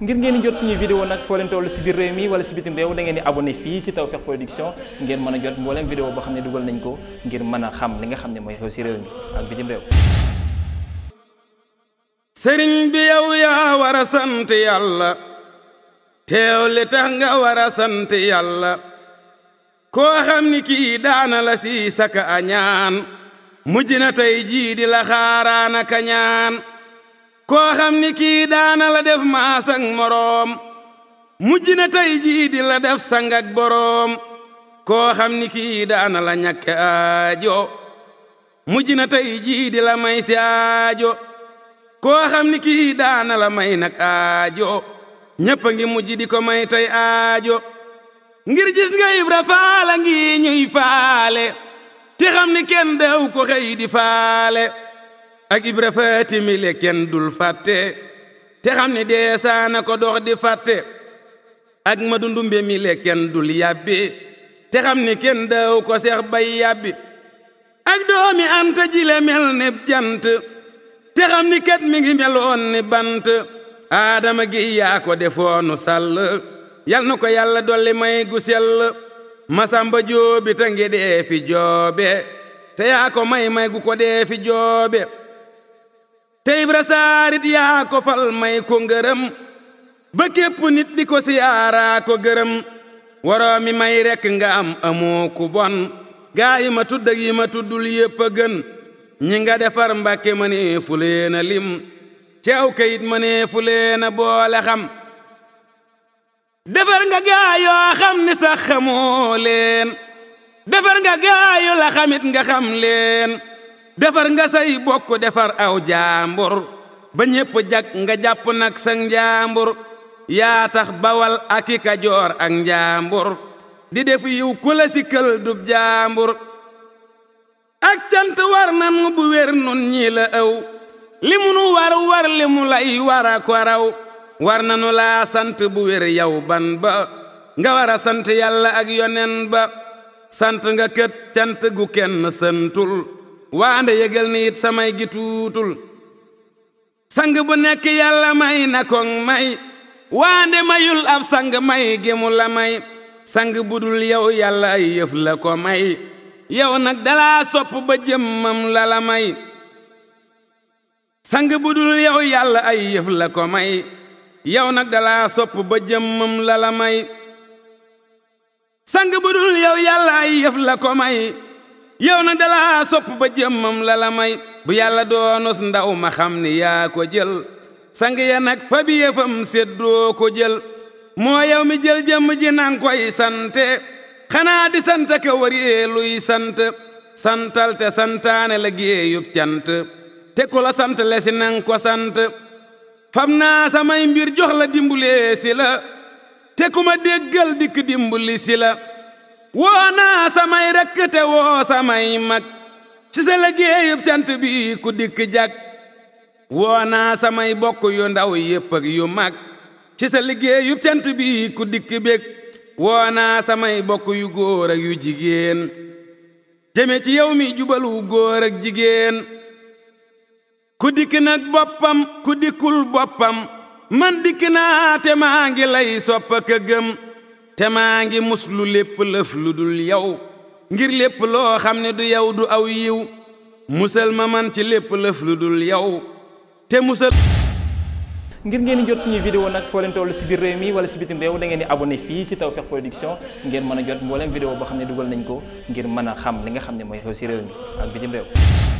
ngir ngeen jot suñu vidéo nag foo leen toll si biir réew mi wala si bitim réew da ngeen di abonné fii si Tawfekh Production ngeen mën a jot mbooleem vidéo boo xam ne dugal nañ ko ngir mën a xam li nga xam ne mooy xew si réew mi ak bitim réew sëriñ bi yow yaa war a sant yàlla teew li tax nga war a sant yàlla koo xam ni kii daana si saka a ñaan mujj na tey jii di la xaaraanaka ñaan koo xam ni kii daana la def maasak moroom mujj na tey jii di la def sang ak koo xam ni kii daana la ñàkk aajo mujj na tey jii di la may si aajo koo xam ni kii daana la may nag aajo ngi mujj di ko may tey aajo ngir gis nga Ibra Faal ngi ñuy faale te xam ni kenn dew ko xëy di faale ak ibra faati mi le kenn dul fàtte te xam ne dee ko dox di fàtte ak madu ndumbe mi le dul yàbbi te xam ne kenn daaw ko seex bay yàbbi ak doomi anta jile mel ne jant te xam ni kat mi ngi meloon ni bant aadama gi yaa ko defoonu sàll yal na ko yàlla dolli may gu sell masamba joobi ta ngi dee fi joobe te yaa ko may may gu ko dee fi joobe tey Ibra Saar it ko fal may ko ngërëm ba képp nit di ko siyaaraa ko gërëm may rekk nga am amoo ku bon gaa ma tudd yi ma tuddul yépp gën ñi nga defar mbàkke ma nee lim ci kayit ma nee boole xam defar nga gaa yoo xam ni sax xamoo leen defar nga gaa la xamit nga xam leen defar nga say bokk defar aw jaambur ba ñépp jag nga jàpp nag sa njaambur yaa tax bawal aki kajoor ak njaambur di def yiw ku la si kël dub jaambur ak cant war nan bu wér nun ñii la ëw li mu nu war war li mu lay wara ko war nanu laa sant bu wer yow ban ba nga war a sant yàlla ak yonen ba sant nga kët cant gu kenn santul waande yëgal ni it samay gi tuutul sang bu nekk yàlla may na koŋ may waande mayul ab sang may gi mu la may sang bu dul yow yàlla ay yëf la ko may yow nag dalaa sopp ba jëmmam la la may sang bu dul yow yàlla ay yëf la ko may yow nag dalaa sopp ba jëmmam la la may sang bu dul yow ay yëf la ko may yow na dalaa sopp ba jëmmam la la may bu yàlla doonus ndaw ma xam ni yaa ko jël sang ya nag fabi yëfam séddoo ko jël moo yow mi jël jëmm ji nang koy sante xanaa di sant ka waree luy sant santal te santaane la géeyub cant te ko la sant le si nang ko sant fam naa samay mbir jox la dimbulee si la te ku déggal dikk dimbuli si la woo naa samay rakk te woo samay mag ci sa liggéeyub cant bi ku dikk jag woo naa samay bokk yu ndaw yépp ak yu mag ci sa liggéeyub cant bi ku dikk bég woo naa samay bokk yu góor yu jigéen jëme ci yow mi jubalu góor ak jigéen ku dikk nag boppam ku dikkul boppam man dikk naa te maa ngi lay sopp gëm te maa ngi mus lu lépp lëf lu dul yow ngir lépp loo xam ne du yow du aw yiw musal ma man ci lépp lëf lu dul yow te musal ngir ngeen di jot suñuy vidéo nag foo leen toll si biir réew mi wala si bitim réew da ngeen di abonné fii si taw Tawfekh Production ngeen mën a jot mbooleem vidéo boo xam ne dugal nañ ko ngir mën a xam li nga xam ne mooy xew si réew mi ak bitim réew